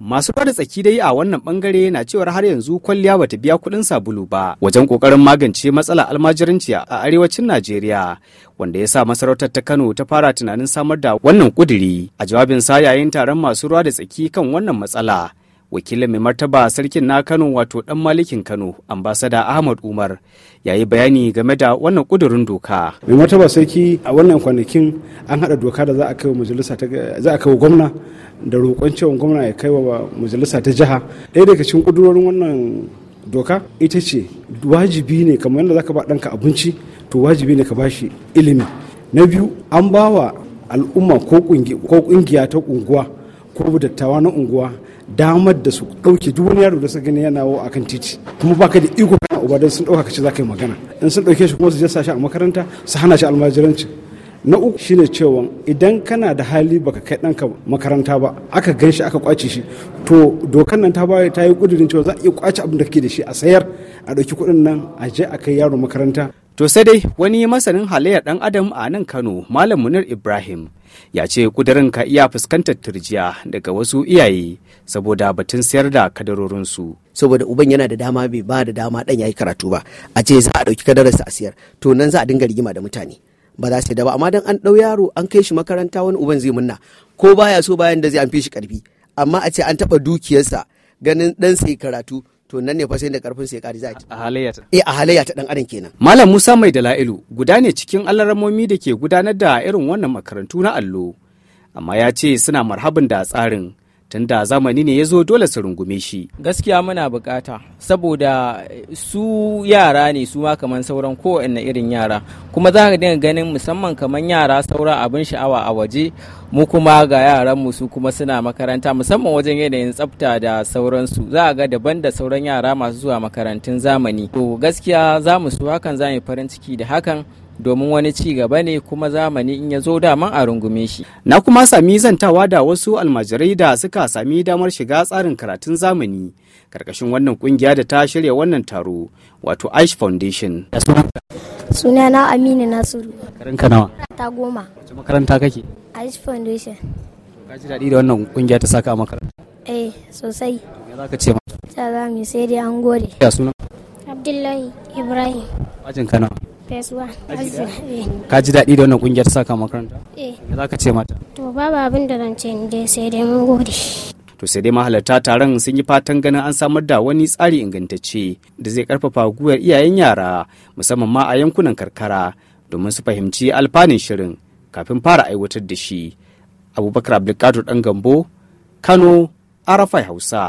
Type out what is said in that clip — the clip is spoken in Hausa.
Masu da tsaki dai a wannan bangare na cewar har yanzu kwalliya bata biya kudin sabulu ba wajen kokarin magance matsalar almajiranci a arewacin Najeriya wanda ya sa masarautar ta Kano ta fara tunanin samar da wannan kuduri. a jawabin sa yayin taron masu ruwa da tsaki kan wannan matsala. Wakilin mai martaba sarkin na Kano wato dan malikin Kano ambasada Ahmad Umar ya yi bayani game da wannan kudurin doka. Mai martaba sarki a wannan kwanakin an hada doka da za a kai majalisa za a kai gwamna da roƙon cewa gwamna ya kai wa majalisa ta jiha ɗaya daga cikin ƙudurorin wannan doka ita ce wajibi ne kamar yadda zaka ba ɗanka abinci to wajibi ne ka bashi ilimi na biyu an ba wa al'umma ko ƙungiya ta unguwa ko dattawa na unguwa damar da su ɗauke duk wani yaro da suka gani yana a kan titi kuma baka da iko kana uba don sun ɗauka ka ce za ka yi magana in sun ɗauke shi kuma su je sa shi a makaranta su hana shi almajiranci na uku shine cewa idan kana da hali baka kai ɗanka makaranta ba aka gan shi aka kwace shi to dokan nan ta bayar ta yi kudirin cewa za a iya kwace abin da ke da shi a sayar a ɗauki kuɗin nan a je a kai yaro makaranta To sai dai wani masanin halayyar ɗan adam a nan Kano, Malam Munir Ibrahim, ya ce kudirin ka iya fuskantar turjiya daga wasu iyaye saboda batun sayar da kadarorinsu. Saboda uban yana da dama bai ba da dama ɗan yi karatu ba, a ce za a ɗauki kadararsa a siyar, to nan za a dinga rigima da mutane. ba za su da ba amma dan an ɗau yaro an kai shi makaranta wani uban zai munna ko baya so bayan da zai an fi shi karfi amma a ce an taɓa dukiyarsa ganin ɗan sai karatu to nan ne fa sai da karfin sai kari zai a halayya ta eh a halayya dan adam kenan malam Musa Mai Dala'ilu guda ne cikin alaramomi da ke gudanar da irin wannan makarantu na allo amma ya ce suna marhabin da tsarin tunda zamani ne ya zo dole su rungume shi gaskiya muna bukata saboda su yara ne su ma kamar sauran kowanne irin yara kuma za ka dinga ganin musamman kamar yara saura abin sha'awa a waje mu kuma ga yaran mu su kuma suna makaranta musamman wajen yanayin tsafta da sauransu za a ga daban da sauran yara masu zuwa makarantun zamani to gaskiya za mu su hakan za mu farin ciki da hakan domin wani ci gaba ne kuma zamani in ya zo daman a rungume shi. Na kuma sami zantawa da wasu almajirai da suka sami damar shiga tsarin karatun zamani karkashin wannan kungiya da ta shirya wannan taro wato Ash Foundation. Suna na Aminu Nasiru. Karinka nawa? Ta goma. Wace makaranta kake? Ash Foundation. Ka ji daɗi da wannan kungiya ta saka a makaranta? Eh, sosai. Me za ka ce ma? Ta za mu sai dai an gode. Ya suna? Abdullahi Ibrahim. Ajin kana? Eh. Ka ji daɗi da wannan kungiyar saka makaranta? Eh. Za ka ce mata? To babu abin da zan ce dai sai dai mun gode. To sai dai mahalarta taron sun yi fatan ganin an samar da wani tsari ingantacce da zai karfafa gwiwar iyayen yara musamman ma a yankunan karkara domin su fahimci alfanin shirin kafin fara aiwatar da shi. Abubakar Abdulkadir Ɗan Gambo, Kano, Arafai Hausa.